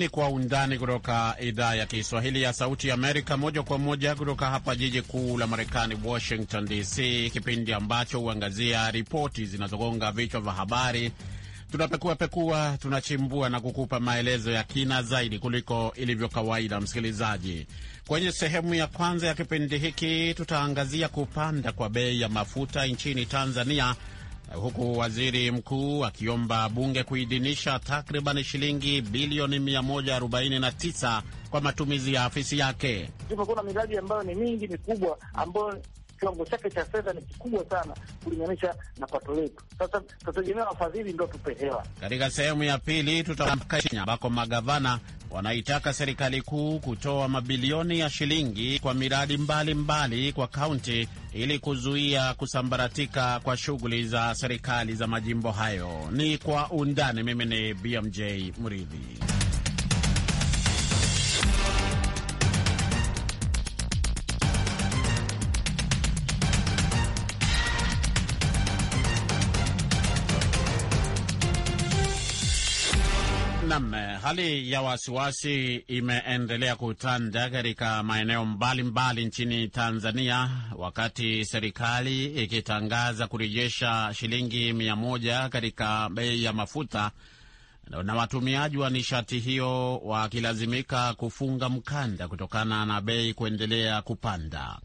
ni Kwa Undani kutoka idhaa ya Kiswahili ya Sauti ya Amerika, moja kwa moja kutoka hapa jiji kuu la Marekani, Washington DC, kipindi ambacho huangazia ripoti zinazogonga vichwa vya habari. Tunapekuapekua, tunachimbua na kukupa maelezo ya kina zaidi kuliko ilivyo kawaida. Msikilizaji, kwenye sehemu ya kwanza ya kipindi hiki tutaangazia kupanda kwa bei ya mafuta nchini Tanzania huku waziri mkuu akiomba bunge kuidhinisha takriban shilingi bilioni 149 kwa matumizi ya afisi yake. Tumekuwa na miradi ambayo ni mingi mikubwa ambayo kiwango chake cha fedha ni kikubwa sana kulinganisha na pato letu. Sasa tutategemea wafadhili ndo tupe hela. Katika sehemu ya pili tutaamka ambako magavana wanaitaka serikali kuu kutoa mabilioni ya shilingi kwa miradi mbalimbali mbali kwa kaunti ili kuzuia kusambaratika kwa shughuli za serikali za majimbo hayo. Ni kwa undani. Mimi ni BMJ Mridhi. Nam, eh, hali ya wasiwasi imeendelea kutanda katika maeneo mbalimbali nchini Tanzania, wakati serikali ikitangaza kurejesha shilingi mia moja katika bei ya mafuta na watumiaji wa nishati hiyo wakilazimika kufunga mkanda kutokana na bei kuendelea kupanda.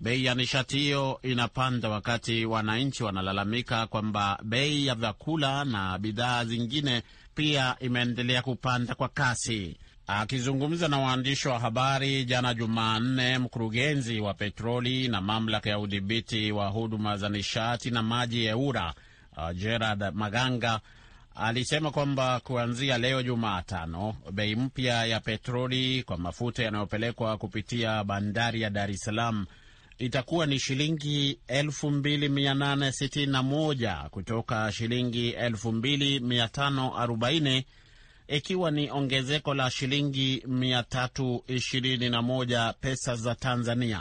Bei ya nishati hiyo inapanda wakati wananchi wanalalamika kwamba bei ya vyakula na bidhaa zingine pia imeendelea kupanda kwa kasi. Akizungumza na waandishi wa habari jana Jumanne, mkurugenzi wa petroli na mamlaka ya udhibiti wa huduma za nishati na maji EWURA uh, Gerard Maganga alisema kwamba kuanzia leo Jumatano, bei mpya ya petroli kwa mafuta yanayopelekwa kupitia bandari ya Dar es Salaam itakuwa ni shilingi 2861 kutoka shilingi 2540 ikiwa ni ongezeko la shilingi 321 pesa za Tanzania.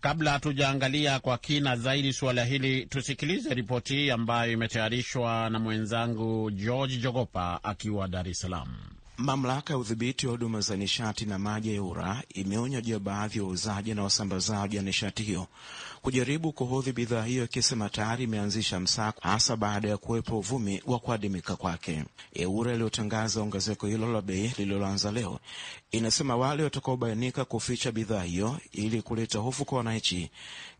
Kabla hatujaangalia kwa kina zaidi suala hili, tusikilize ripoti hii ambayo imetayarishwa na mwenzangu George Jogopa akiwa Dar es Salaam. Mamlaka ya udhibiti wa huduma za nishati na maji EWURA imeonya juu ya baadhi ya wauzaji na wasambazaji wa nishati hiyo kujaribu kuhodhi bidhaa hiyo, ikisema tayari imeanzisha msako, hasa baada ya kuwepo uvumi wa kuadimika kwake. EWURA iliyotangaza ongezeko hilo la bei lililoanza leo inasema wale watakaobainika kuficha bidhaa hiyo ili kuleta hofu kwa wananchi,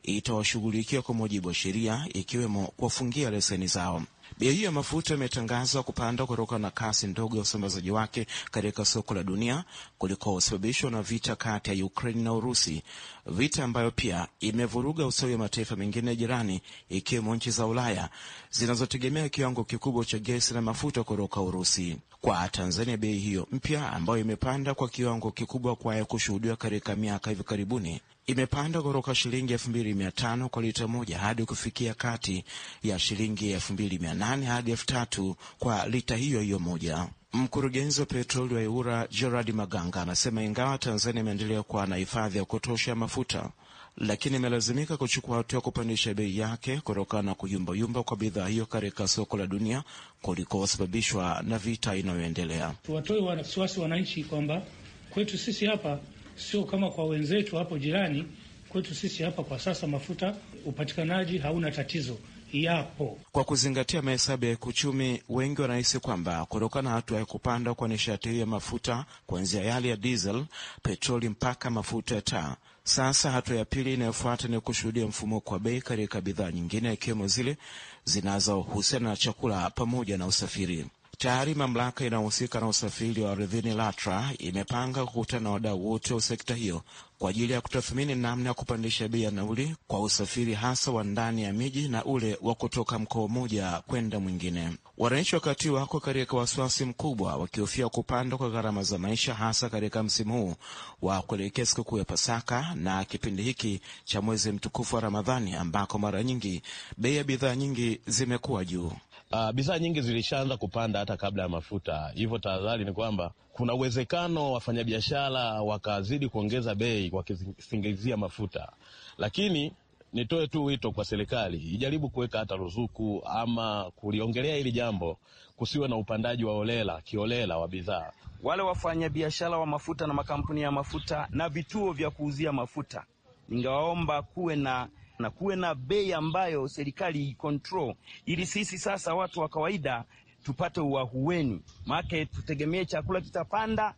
itawashughulikia kwa mujibu wa sheria, ikiwemo kuwafungia leseni zao. Bei ya mafuta imetangazwa kupanda kutokana na kasi ndogo ya usambazaji wake katika soko la dunia kulikosababishwa na vita kati ya Ukraine na Urusi, vita ambayo pia imevuruga usawi wa mataifa mengine jirani, ikiwemo nchi za Ulaya zinazotegemea kiwango kikubwa cha gesi na mafuta kutoka Urusi. Kwa Tanzania, bei hiyo mpya ambayo imepanda kwa kiwango kikubwa kwayo kushuhudiwa katika miaka hivi karibuni imepanda kutoka shilingi elfu mbili mia tano kwa lita moja hadi kufikia kati ya shilingi elfu mbili mia nane hadi elfu tatu kwa lita hiyo hiyo moja. Mkurugenzi wa petroli wa Eura Gerard Maganga anasema ingawa Tanzania imeendelea kuwa na hifadhi ya kutosha ya mafuta, lakini imelazimika kuchukua hatua ya kupandisha bei yake kutokana na kuyumbayumba kwa bidhaa hiyo katika soko la dunia kulikosababishwa na vita inayoendelea. Tuwatoe wasiwasi wananchi kwamba kwetu sisi hapa sio kama kwa wenzetu hapo jirani. Kwetu sisi hapa kwa sasa mafuta upatikanaji hauna tatizo, yapo. Kwa kuzingatia mahesabu ya kiuchumi, wengi wanahisi kwamba kutokana na hatua ya kupanda kwa nishati hiyo ya mafuta kuanzia yale ya diesel, petroli mpaka mafuta ya taa sasa hatua ya pili inayofuata ni kushuhudia mfumuko wa bei katika bidhaa nyingine ikiwemo zile zinazohusiana na chakula pamoja na usafiri. Tayari mamlaka inayohusika na usafiri wa ardhini LATRA imepanga kukutana na wadau wote wa sekta hiyo kwa ajili ya kutathmini namna ya kupandisha bei ya nauli kwa usafiri hasa wa ndani ya miji na ule wa kutoka mkoa mmoja kwenda mwingine. Wananchi wakati wako katika wasiwasi mkubwa, wakihofia kupanda kwa gharama za maisha, hasa katika msimu huu wa kuelekea sikukuu ya Pasaka na kipindi hiki cha mwezi mtukufu wa Ramadhani, ambako mara nyingi bei ya bidhaa nyingi zimekuwa juu. Uh, bidhaa nyingi zilishaanza kupanda hata kabla ya mafuta, hivyo tahadhari ni kwamba kuna uwezekano wafanyabiashara wakazidi kuongeza bei wakisingizia mafuta, lakini nitoe tu wito kwa serikali ijaribu kuweka hata ruzuku ama kuliongelea hili jambo, kusiwe na upandaji wa olela kiolela wa bidhaa. Wale wafanyabiashara wa mafuta na makampuni ya mafuta na vituo vya kuuzia mafuta, ningewaomba kuwe na na kuwe na bei ambayo serikali control, ili sisi sasa watu wa kawaida tupate uahueni, maana tutegemee chakula kitapanda,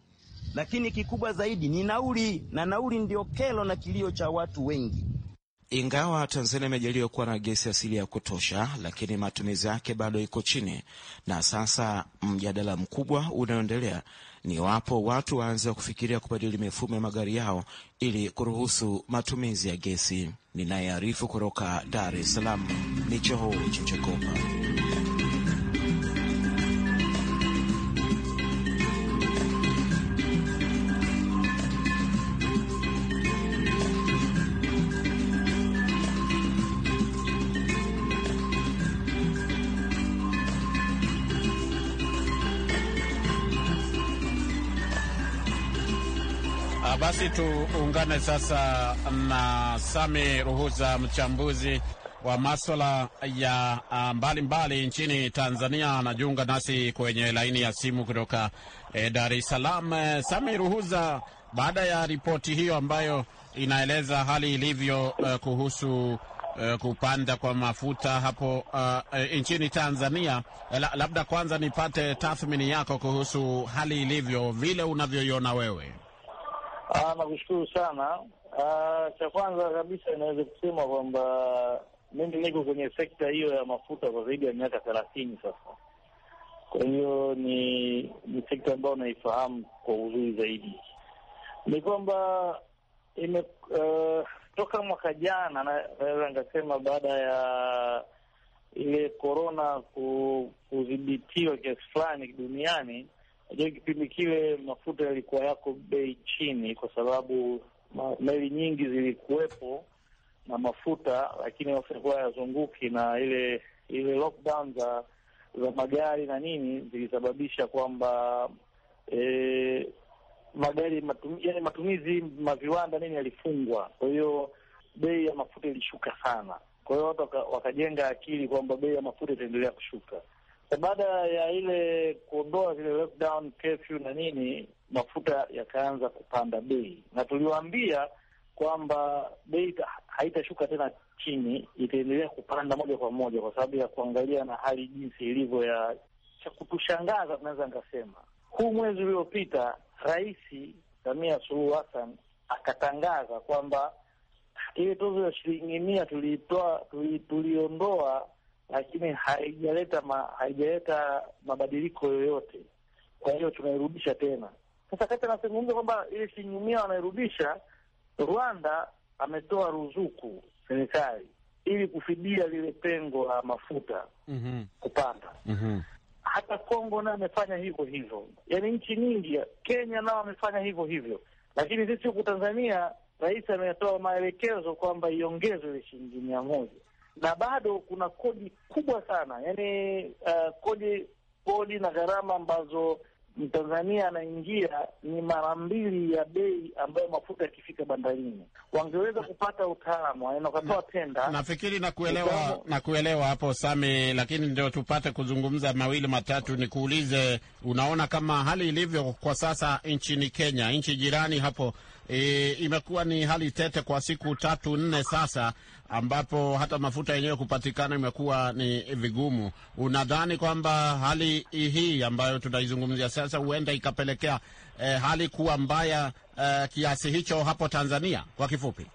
lakini kikubwa zaidi ni nauli, na nauli ndio kelo na kilio cha watu wengi. Ingawa Tanzania imejaliwa kuwa na gesi asili ya kutosha, lakini matumizi yake bado iko chini, na sasa mjadala mkubwa unaoendelea ni wapo watu waanze kufikiria kubadili mifumo ya magari yao ili kuruhusu matumizi ya gesi. Ninayearifu kutoka Dar es Salaam ni Chehoi Chochekopa. Basi tuungane sasa na Sami Ruhuza, mchambuzi wa maswala ya ah, mbalimbali mbali nchini Tanzania, anajiunga nasi kwenye laini ya simu kutoka e, Dar es Salaam. Sami Ruhuza, baada ya ripoti hiyo ambayo inaeleza hali ilivyo eh, kuhusu eh, kupanda kwa mafuta hapo ah, eh, nchini Tanzania, la, labda kwanza nipate tathmini yako kuhusu hali ilivyo vile unavyoiona wewe. Ah, nakushukuru sana. Ah, cha kwanza kabisa inaweza kusema kwamba mimi niko kwenye sekta hiyo ya mafuta kwa zaidi ya miaka thelathini sasa, kwa hiyo ni ni sekta ambayo naifahamu kwa uzuri zaidi. Ni kwamba ime uh, toka mwaka jana naweza nikasema baada ya ile korona kudhibitiwa kiasi fulani duniani ajua kipindi kile mafuta yalikuwa yako bei chini, kwa sababu meli nyingi zilikuwepo na mafuta, lakini mafuta yalikuwa na ile ile lockdown za za magari na nini zilisababisha kwamba e, magari matumizi, yani matumizi maviwanda nini yalifungwa, kwa hiyo bei ya mafuta ilishuka sana. Kwa hiyo watu wakajenga akili kwamba bei ya mafuta itaendelea kushuka. Eh, baada ya ile kuondoa zile lockdown curfew na nini, mafuta yakaanza kupanda bei, na tuliwaambia kwamba bei haitashuka tena chini, itaendelea kupanda moja kwa moja, kwa sababu ya kuangalia na hali jinsi ilivyo. Ya cha kutushangaza, tunaweza nikasema huu mwezi uliopita Rais Samia Suluhu Hassan akatangaza kwamba ile tozo ya shilingi mia tuliondoa lakini haijaleta ma, haijaleta mabadiliko yoyote. Kwa hiyo tunairudisha tena sasa. Kati anazungumza kwamba ile shilingi wanairudisha Rwanda, ametoa ruzuku serikali ili kufidia lile pengo la mafuta mm -hmm. kupanda mm -hmm. hata Kongo nayo amefanya hivyo hivyo, yaani nchi nyingi, Kenya nao amefanya hivyo hivyo, lakini sisi huku Tanzania rais ametoa maelekezo kwamba iongezwe ile shilingi mia moja na bado kuna kodi kubwa sana, yani uh, eh, kodi kodi na gharama ambazo Mtanzania anaingia ni mara mbili ya bei ambayo mafuta yakifika bandarini. Wangeweza kupata utaalamu, yaani wakatoa tenda. Nafikiri na kuelewa hapo Sami, lakini ndio tupate kuzungumza mawili matatu. Nikuulize, unaona kama hali ilivyo kwa sasa nchini Kenya, nchi jirani hapo e, imekuwa ni hali tete kwa siku tatu nne sasa, ambapo hata mafuta yenyewe kupatikana imekuwa ni vigumu. Unadhani kwamba hali hii ambayo tunaizungumzia sasa huenda ikapelekea e, hali kuwa mbaya e, kiasi hicho hapo Tanzania? Kwa kifupi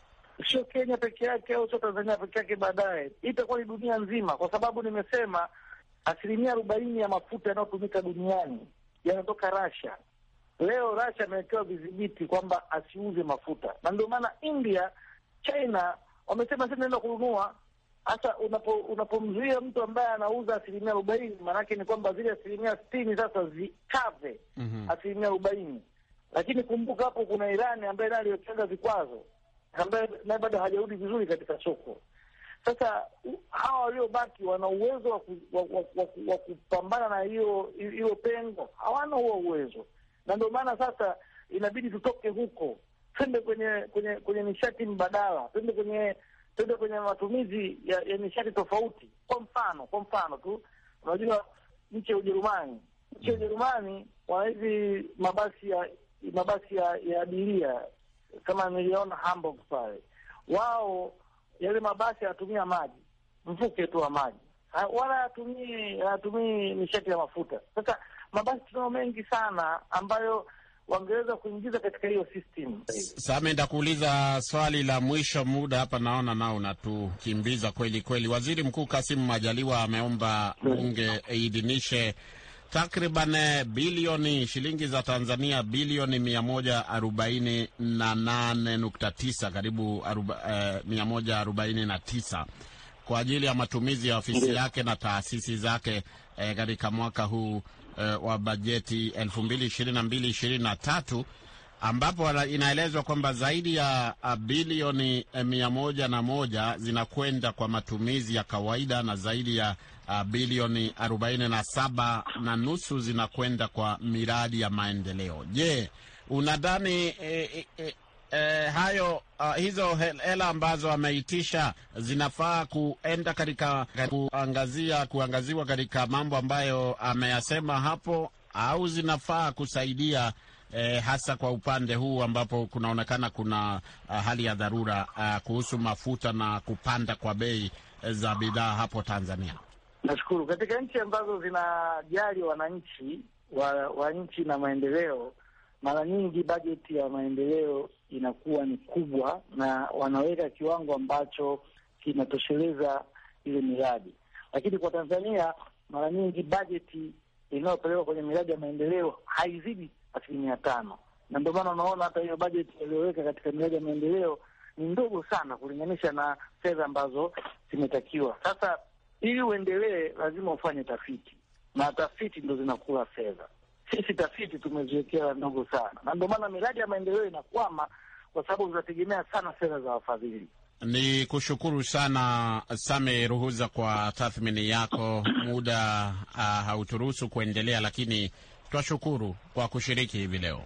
Sio Kenya peke yake au sio Tanzania peke yake, baadaye itakuwa ni dunia nzima, kwa sababu nimesema asilimia arobaini ya mafuta yanayotumika duniani yanatoka Russia. Leo Russia amewekewa vidhibiti kwamba asiuze mafuta, na ndio maana India, China wamesema si naenda kununua. Hasa unapomzuia mtu ambaye anauza asilimia arobaini, maanake ni kwamba zile asilimia sitini sasa zikave mm -hmm. asilimia arobaini. Lakini kumbuka hapo kuna Irani ambaye nayo aliwekeza vikwazo, ambaye naye bado hajarudi vizuri katika soko. Sasa hawa waliobaki wana uwezo wa kupambana na hiyo hiyo pengo? Hawana huo uwezo na ndio maana sasa inabidi tutoke huko, twende kwenye kwenye kwenye nishati mbadala, twende kwenye twende kwenye matumizi ya, ya nishati tofauti. Kwa mfano kwa mfano tu unajua nchi ya Ujerumani, nchi ya mm. Ujerumani wana hizi mabasi ya mabasi ya, ya abiria kama niliona Hamburg pale, wao yale mabasi yanatumia maji, mvuke tu wa maji, wala hayatumii nishati ya mafuta. Sasa mabasi tunao mengi sana ambayo wangeweza kuingiza katika hiyo system. Sasa ndakuuliza swali la mwisho, muda hapa naona nao unatukimbiza kweli kweli. Waziri Mkuu Kasimu Majaliwa ameomba bunge iidhinishe takriban bilioni shilingi za Tanzania bilioni mia moja arobaini na nane nukta tisa karibu eh, mia moja arobaini na tisa kwa ajili ya matumizi ya ofisi yake na taasisi zake eh, katika eh, mwaka huu uh, wa bajeti 2022 ambapo inaelezwa kwamba zaidi ya eh, bilioni eh, mia moja na moja zinakwenda kwa matumizi ya kawaida na zaidi ya bilioni 47 na na nusu zinakwenda kwa miradi ya maendeleo. Je, unadhani e, e, eh, hayo uh, hizo hela ambazo ameitisha zinafaa kuenda katika kuangazia kuangaziwa katika mambo ambayo ameyasema hapo au zinafaa kusaidia eh, hasa kwa upande huu ambapo kunaonekana kuna uh, hali ya dharura uh, kuhusu mafuta na kupanda kwa bei eh, za bidhaa hapo Tanzania? Nashukuru. Katika nchi ambazo zinajali wananchi wa, wa nchi na maendeleo mara nyingi bajeti ya maendeleo inakuwa ni kubwa na wanaweka kiwango ambacho kinatosheleza ile miradi, lakini kwa Tanzania mara nyingi bajeti inayopelekwa kwenye miradi ya maendeleo haizidi asilimia tano, na ndio maana unaona hata hiyo bajeti iliyoweka katika miradi ya maendeleo ni ndogo sana kulinganisha na fedha ambazo zimetakiwa. Sasa ili uendelee, lazima ufanye tafiti na tafiti ndo zinakula fedha sisi tafiti tumeziwekea ndogo sana, na ndio maana miradi ya maendeleo inakwama kwa sababu zinategemea sana sera za wafadhili. Ni kushukuru sana Same Ruhuza kwa tathmini yako. Muda uh, hauturuhusu kuendelea, lakini twashukuru kwa kushiriki hivi leo.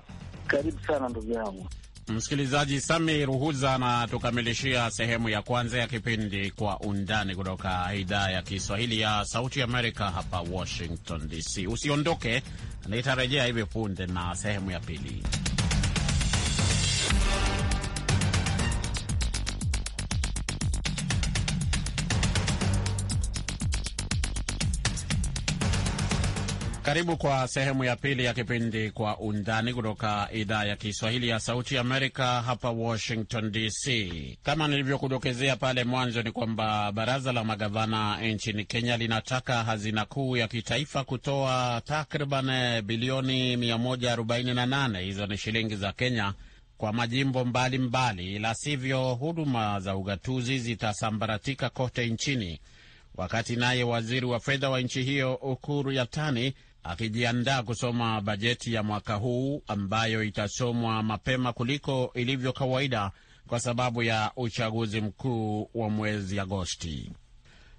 Karibu sana ndugu yangu. Msikilizaji, Sami Ruhuza anatukamilishia sehemu ya kwanza ya kipindi Kwa Undani kutoka idhaa ya Kiswahili ya Sauti Amerika hapa Washington DC. Usiondoke, nitarejea hivi punde na sehemu ya pili. Karibu kwa sehemu ya pili ya kipindi Kwa Undani kutoka idhaa ya Kiswahili ya Sauti Amerika, hapa Washington DC. Kama nilivyokudokezea pale mwanzo, ni kwamba baraza la magavana nchini Kenya linataka hazina kuu ya kitaifa kutoa takriban bilioni 148, hizo ni shilingi za Kenya, kwa majimbo mbalimbali, la sivyo huduma za ugatuzi zitasambaratika kote nchini. Wakati naye waziri wa fedha wa nchi hiyo Ukuru Yatani akijiandaa kusoma bajeti ya mwaka huu ambayo itasomwa mapema kuliko ilivyo kawaida kwa sababu ya uchaguzi mkuu wa mwezi Agosti.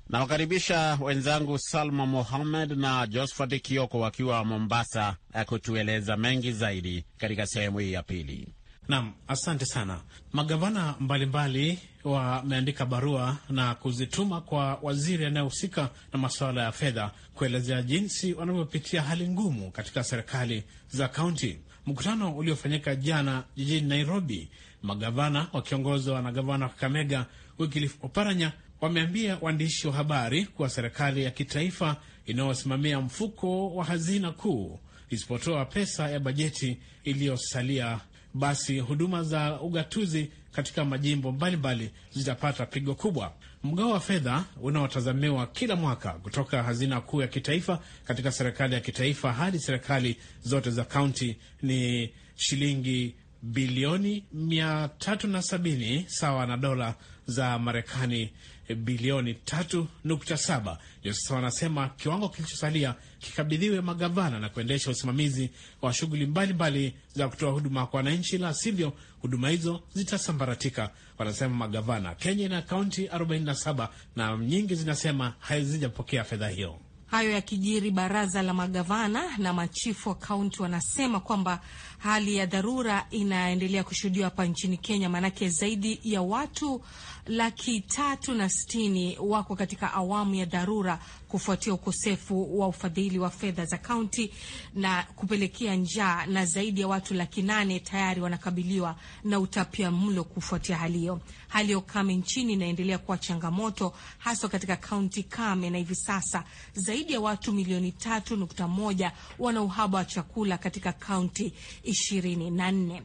Nawakaribisha wenzangu Salma Mohamed na Josphat Kioko wakiwa Mombasa eh, kutueleza mengi zaidi katika sehemu hii ya pili. Naam, asante sana. Magavana mbalimbali wameandika barua na kuzituma kwa waziri anayehusika na masuala ya fedha kuelezea jinsi wanavyopitia hali ngumu katika serikali za kaunti. Mkutano uliofanyika jana jijini Nairobi, magavana wakiongozwa na gavana wa Kakamega Wycliffe Oparanya wameambia waandishi wa habari kuwa serikali ya kitaifa inayosimamia mfuko wa hazina kuu isipotoa pesa ya bajeti iliyosalia basi huduma za ugatuzi katika majimbo mbalimbali zitapata pigo kubwa. Mgao wa fedha unaotazamiwa kila mwaka kutoka hazina kuu ya kitaifa katika serikali ya kitaifa hadi serikali zote za kaunti ni shilingi bilioni 370 sawa na dola za Marekani eh, bilioni 3.7. Sasa wanasema kiwango kilichosalia kikabidhiwe magavana na kuendesha usimamizi wa shughuli mbalimbali za kutoa huduma kwa wananchi, la sivyo huduma hizo zitasambaratika, wanasema magavana. Kenya ina kaunti 47 na nyingi zinasema hazijapokea fedha hiyo. Hayo yakijiri, baraza la magavana na machifu wa kaunti wanasema kwamba hali ya dharura inaendelea kushuhudiwa hapa nchini Kenya, maanake zaidi ya watu laki tatu na sitini wako katika awamu ya dharura kufuatia ukosefu wa ufadhili wa fedha za kaunti na kupelekea njaa, na zaidi ya watu laki nane tayari wanakabiliwa na utapia mlo. Kufuatia hali hiyo, hali ya kame nchini inaendelea kuwa changamoto haswa katika kaunti kame, na hivi sasa zaidi ya watu milioni tatu nukta moja wana uhaba wa chakula katika kaunti ishirini na nne.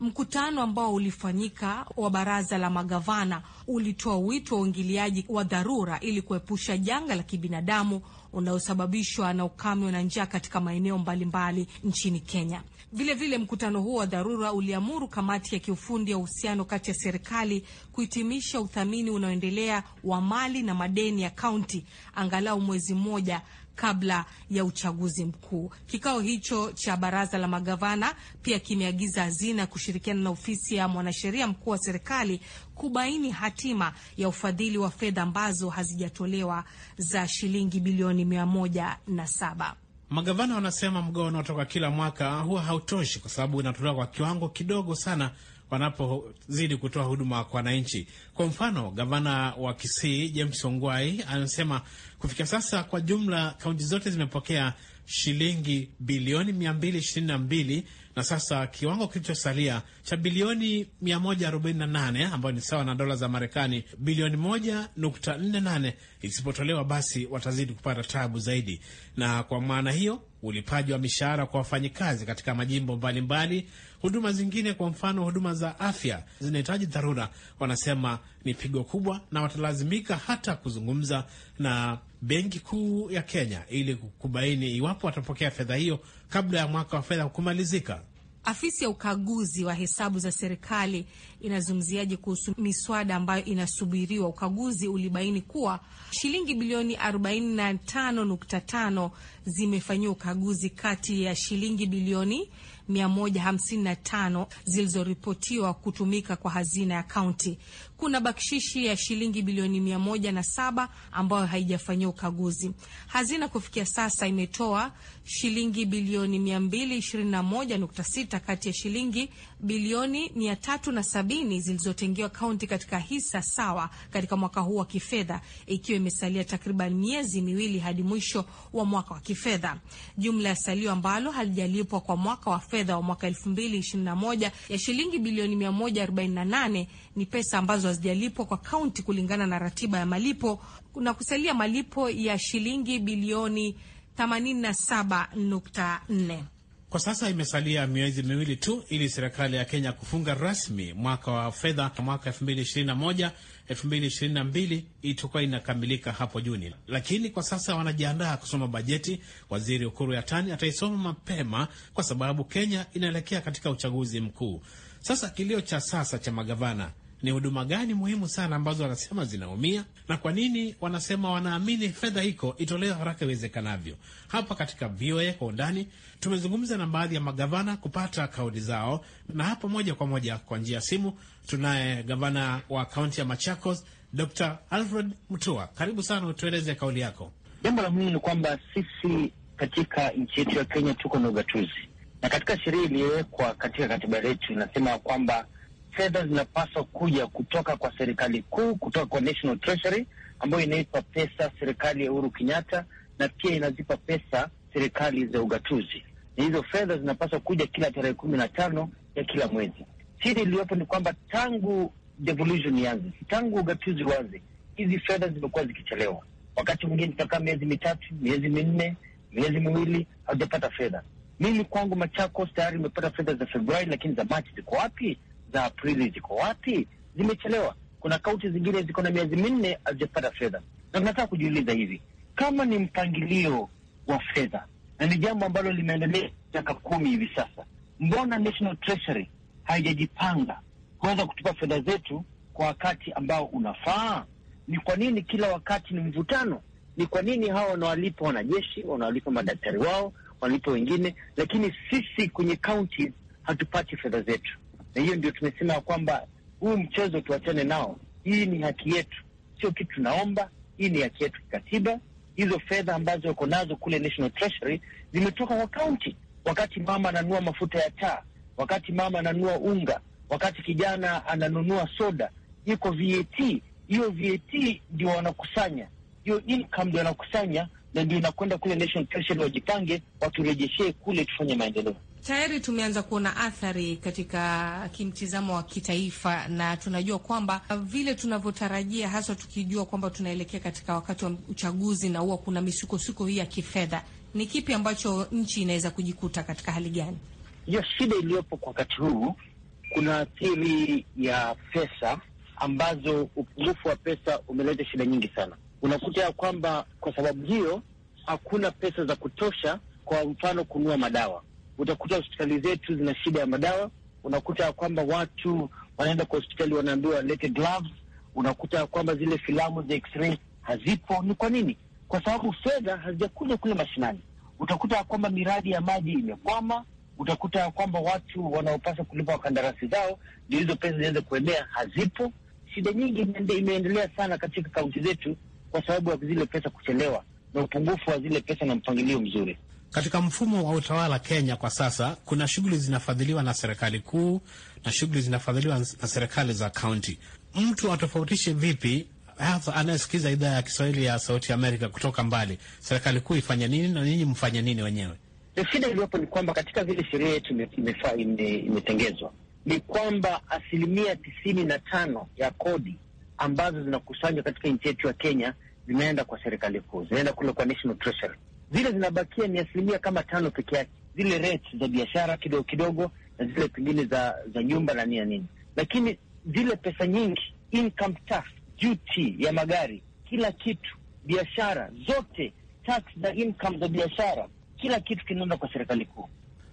Mkutano ambao ulifanyika wa baraza la magavana ulitoa wito wa uingiliaji wa dharura ili kuepusha janga la kibinadamu unaosababishwa na ukame na njaa katika maeneo mbalimbali nchini Kenya. Vilevile vile mkutano huo wa dharura uliamuru kamati ya kiufundi ya uhusiano kati ya serikali kuhitimisha uthamini unaoendelea wa mali na madeni ya kaunti angalau mwezi mmoja kabla ya uchaguzi mkuu. Kikao hicho cha baraza la magavana pia kimeagiza hazina kushirikiana na ofisi ya mwanasheria mkuu wa serikali kubaini hatima ya ufadhili wa fedha ambazo hazijatolewa za shilingi bilioni mia moja na saba. Magavana wanasema mgao unaotoka kila mwaka huwa hautoshi kwa sababu inatolewa kwa kiwango kidogo sana wanapozidi kutoa huduma kwa wananchi. Kwa mfano, gavana wa Kisii James Ongwai anasema kufikia sasa kwa jumla kaunti zote zimepokea shilingi bilioni 222 na sasa kiwango kilichosalia cha bilioni 148 ambayo ni sawa na dola za Marekani bilioni 1.48 isipotolewa, basi watazidi kupata tabu zaidi. Na kwa maana hiyo, ulipaji wa mishahara kwa wafanyikazi katika majimbo mbalimbali, huduma zingine, kwa mfano huduma za afya zinahitaji dharura, wanasema ni pigo kubwa, na watalazimika hata kuzungumza na Benki Kuu ya Kenya ili kubaini iwapo watapokea fedha hiyo kabla ya mwaka wa fedha kumalizika. Afisi ya ukaguzi wa hesabu za serikali inazungumziaje kuhusu miswada ambayo inasubiriwa? Ukaguzi ulibaini kuwa shilingi bilioni 45.5 zimefanyiwa ukaguzi kati ya shilingi bilioni 155 zilizoripotiwa kutumika kwa hazina ya kaunti kuna bakshishi ya shilingi bilioni mia moja na saba ambayo haijafanyia ukaguzi. Hazina kufikia sasa imetoa shilingi bilioni mia mbili ishirini na moja nukta sita kati ya shilingi bilioni mia tatu na sabini zilizotengewa kaunti katika hisa sawa katika mwaka huu wa kifedha, ikiwa imesalia takriban miezi miwili hadi mwisho wa mwaka wa kifedha. Jumla ya salio ambalo halijalipwa kwa mwaka wa fedha wa mwaka elfu mbili ishirini na moja ya shilingi bilioni mia moja arobaini na nane ni pesa ambazo hazijalipwa kwa kaunti kulingana na ratiba ya malipo, na kusalia malipo ya shilingi bilioni 87.4. Kwa sasa imesalia miezi miwili tu ili serikali ya Kenya kufunga rasmi mwaka wa fedha mwaka 2021 2022 itakuwa inakamilika hapo Juni, lakini kwa sasa wanajiandaa kusoma bajeti. Waziri Ukuru Yatani ataisoma mapema kwa sababu Kenya inaelekea katika uchaguzi mkuu. Sasa kilio cha sasa cha magavana ni huduma gani muhimu sana ambazo wanasema zinaumia, na kwa nini wanasema wanaamini fedha hiko itolewe haraka iwezekanavyo. Hapa katika VOA kwa undani tumezungumza na baadhi ya magavana kupata kauli zao, na hapo moja kwa moja kwa njia ya simu tunaye gavana wa kaunti ya Machakos Dr. Alfred Mutua. Karibu sana, utueleze kauli yako. Jambo la muhimu ni kwamba sisi katika nchi yetu ya Kenya tuko na ugatuzi, na katika sheria iliyowekwa katika katiba letu inasema kwamba fedha zinapaswa kuja kutoka kwa serikali kuu, kutoka kwa National Treasury ambayo inaipa pesa serikali ya Uhuru Kenyatta na pia inazipa pesa serikali za ugatuzi, na hizo fedha zinapaswa kuja kila tarehe kumi na tano ya kila mwezi. Siri iliyopo ni kwamba tangu devolution ianze, tangu ugatuzi uanze, hizi fedha zimekuwa zikichelewa. Wakati mwingine tutakaa miezi mitatu, miezi minne, miezi miwili, haujapata fedha. Mimi kwangu Machakos tayari imepata fedha za Februari, lakini za Machi ziko wapi? za Aprili ziko wapi? Zimechelewa. Kuna kaunti zingine ziko na miezi minne hazijapata fedha, na tunataka kujiuliza hivi, kama ni mpangilio wa fedha na ni jambo ambalo limeendelea miaka kumi hivi sasa, mbona National Treasury haijajipanga kuweza kutupa fedha zetu kwa wakati ambao unafaa? Ni kwa nini kila wakati ni mvutano? Ni kwa nini hawa wanawalipa wanajeshi, wanawalipa madaktari wao, wanalipa wengine, lakini sisi kwenye kaunti hatupati fedha zetu? na hiyo ndio tumesema kwamba huu mchezo tuachane nao. Hii ni haki yetu, sio kitu tunaomba. Hii ni haki yetu kikatiba. Hizo fedha ambazo wako nazo kule National Treasury zimetoka kwa kaunti. Wakati mama ananua mafuta ya taa, wakati mama ananua unga, wakati kijana ananunua soda, iko VAT. Hiyo VAT ndio wanakusanya, hiyo income ndio wanakusanya, na ndio inakwenda kule National Treasury. Wajipange, waturejeshee kule, tufanye maendeleo tayari tumeanza kuona athari katika kimtizamo wa kitaifa, na tunajua kwamba vile tunavyotarajia, hasa tukijua kwamba tunaelekea katika wakati wa uchaguzi na huwa kuna misukosuko hii ya kifedha, ni kipi ambacho nchi inaweza kujikuta katika hali gani? Hiyo shida iliyopo kwa wakati huu, kuna athiri ya pesa ambazo upungufu wa pesa umeleta shida nyingi sana. Unakuta ya kwamba kwa sababu hiyo hakuna pesa za kutosha, kwa mfano kununua madawa Utakuta hospitali zetu zina shida ya madawa. Unakuta ya kwamba watu wanaenda kwa hospitali wanaambiwa walete gloves. Unakuta kwamba zile filamu za x-ray hazipo. Ni kwa nini? Kwa sababu fedha hazijakuja kule mashinani. Utakuta kwamba miradi ya maji imekwama. Utakuta ya kwamba watu wanaopaswa kulipa wakandarasi zao ndio hizo pesa zinaweza kuendea hazipo. Shida nyingi imeendelea sana katika kaunti zetu kwa sababu ya zile pesa kuchelewa na upungufu wa zile pesa na mpangilio mzuri. Katika mfumo wa utawala Kenya kwa sasa, kuna shughuli zinafadhiliwa na serikali kuu na shughuli zinafadhiliwa na serikali za kaunti. Mtu atofautishe vipi, hasa anayesikiza idhaa ya Kiswahili ya Sauti ya Amerika kutoka mbali, serikali kuu ifanye nini na ninyi mfanye nini wenyewe? Shida iliyopo ni kwamba katika vile sheria yetu imetengezwa ni kwamba asilimia tisini na tano ya kodi ambazo zinakusanywa katika nchi yetu ya Kenya zinaenda kwa serikali kuu, zinaenda kule kwa National Treasury zile zinabakia ni asilimia kama tano peke yake, zile rates za biashara kidogo kidogo na zile pengine za za nyumba na nini nini, lakini zile pesa nyingi, income tax, duty ya magari, kila kitu, biashara zote, tax za income za biashara, kila kitu kinaenda kwa serikali kuu.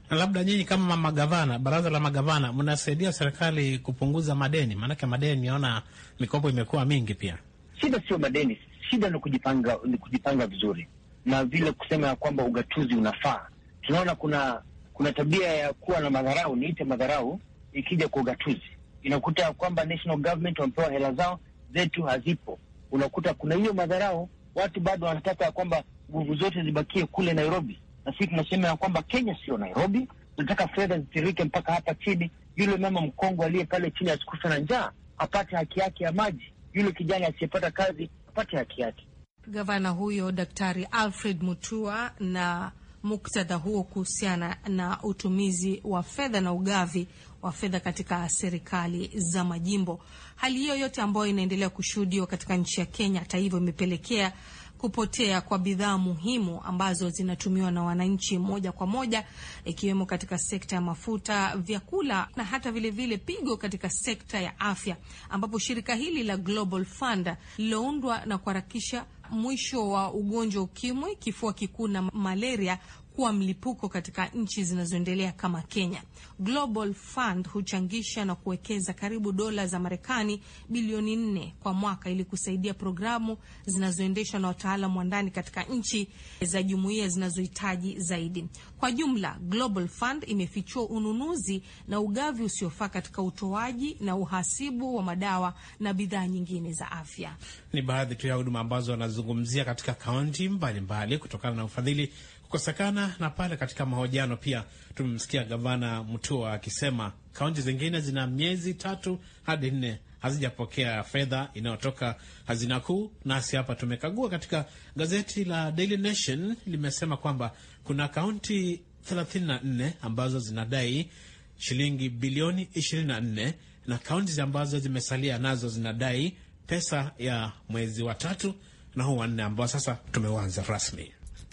Labda nyinyi kama magavana, baraza la magavana, mnasaidia serikali kupunguza madeni? Maanake madeni, naona mikopo imekuwa mingi. Pia shida sio madeni, shida ni kujipanga, ni kujipanga vizuri na vile kusema ya kwamba ugatuzi unafaa. Tunaona kuna kuna tabia ya kuwa na madharau, niite madharau, ikija kwa ugatuzi inakuta ya kwamba national government wamepewa hela zao, zetu hazipo. Unakuta kuna hiyo madharau, watu bado wanataka ya kwamba nguvu zote zibakie kule Nairobi, na sisi tunasema ya kwamba Kenya sio Nairobi. Tunataka fedha zitirike mpaka hapa chini. Yule mama mkongwe aliye pale chini asikufa na njaa, apate haki yake ya maji. Yule kijana asiyepata kazi apate haki yake gavana huyo Daktari Alfred Mutua na muktadha huo kuhusiana na utumizi wa fedha na ugavi wa fedha katika serikali za majimbo. Hali hiyo yote ambayo inaendelea kushuhudiwa katika nchi ya Kenya, hata hivyo, imepelekea kupotea kwa bidhaa muhimu ambazo zinatumiwa na wananchi moja kwa moja, ikiwemo katika sekta ya mafuta, vyakula na hata vilevile vile pigo katika sekta ya afya, ambapo shirika hili la Global Fund lililoundwa na kuharakisha mwisho wa ugonjwa ukimwi, kifua kikuu na malaria kuwa mlipuko katika nchi zinazoendelea kama Kenya. Global Fund huchangisha na kuwekeza karibu dola za Marekani bilioni nne kwa mwaka ili kusaidia programu zinazoendeshwa na wataalamu wa ndani katika nchi za jumuiya zinazohitaji zaidi. Kwa jumla, Global Fund imefichua ununuzi na ugavi usiofaa katika utoaji na uhasibu wa madawa na bidhaa nyingine za afya. Ni baadhi tu ya huduma ambazo wanazungumzia katika kaunti mbalimbali kutokana na ufadhili kukosekana. Na pale katika mahojiano pia tumemsikia gavana Mutua akisema kaunti zingine zina miezi tatu hadi nne hazijapokea fedha inayotoka hazina kuu. Nasi hapa tumekagua katika gazeti la Daily Nation, limesema kwamba kuna kaunti 34 ambazo zinadai shilingi bilioni 24 na kaunti ambazo zimesalia nazo zinadai pesa ya mwezi wa tatu na huu wanne ambao sasa tumeuanza rasmi.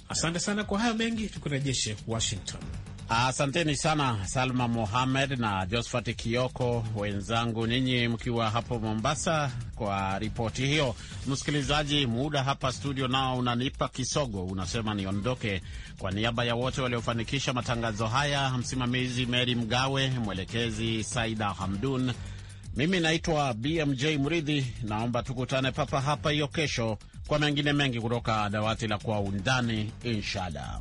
Asante sana kwa hayo mengi, tukurejeshe Washington. Asanteni sana Salma Mohamed na Josphat Kioko, wenzangu ninyi mkiwa hapo Mombasa kwa ripoti hiyo. Msikilizaji, muda hapa studio nao unanipa kisogo, unasema niondoke. Kwa niaba ya wote waliofanikisha matangazo haya, msimamizi Meri Mgawe, mwelekezi Saida Hamdun, mimi naitwa BMJ Mridhi, naomba tukutane papa hapa hiyo kesho kwa mengine mengi kutoka dawati la Kwa Undani, inshallah.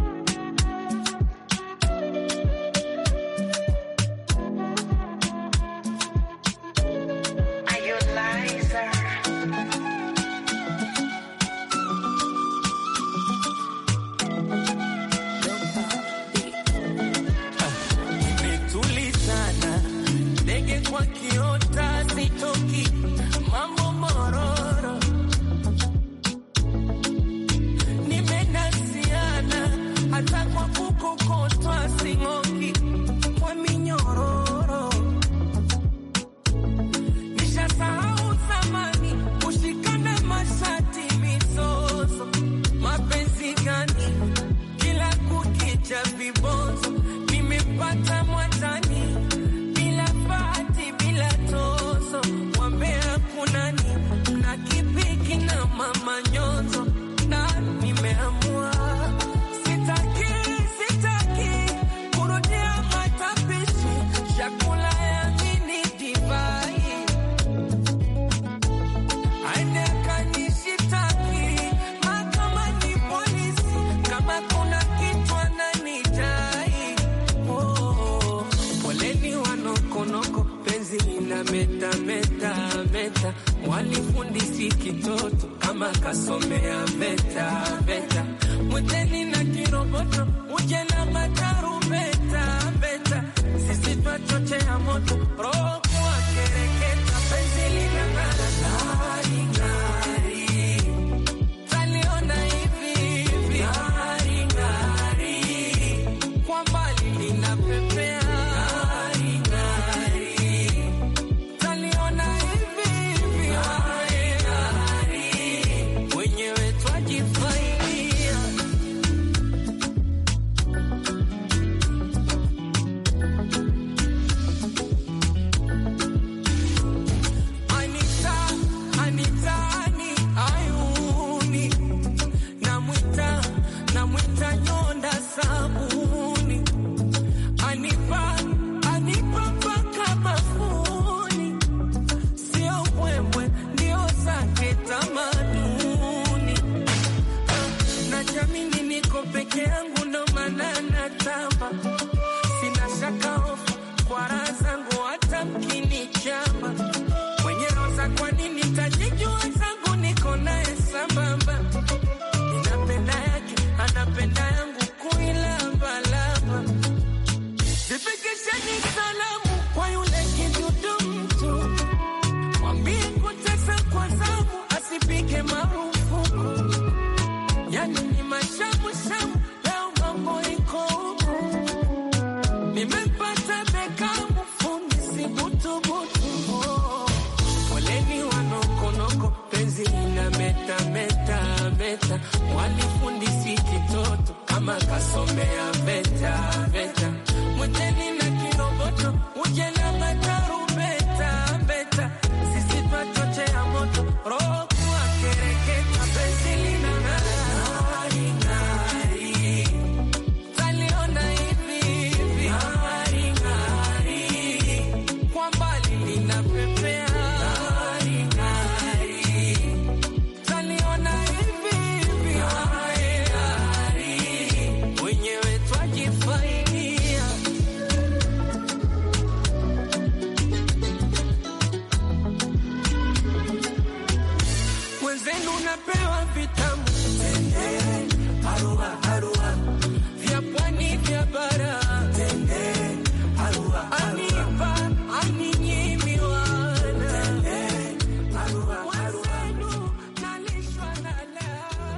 walifundisi kitoto kama kasomea veta veta, mweteni na kiroboto uje na matarumbeta veta, sisi twachochea moto pro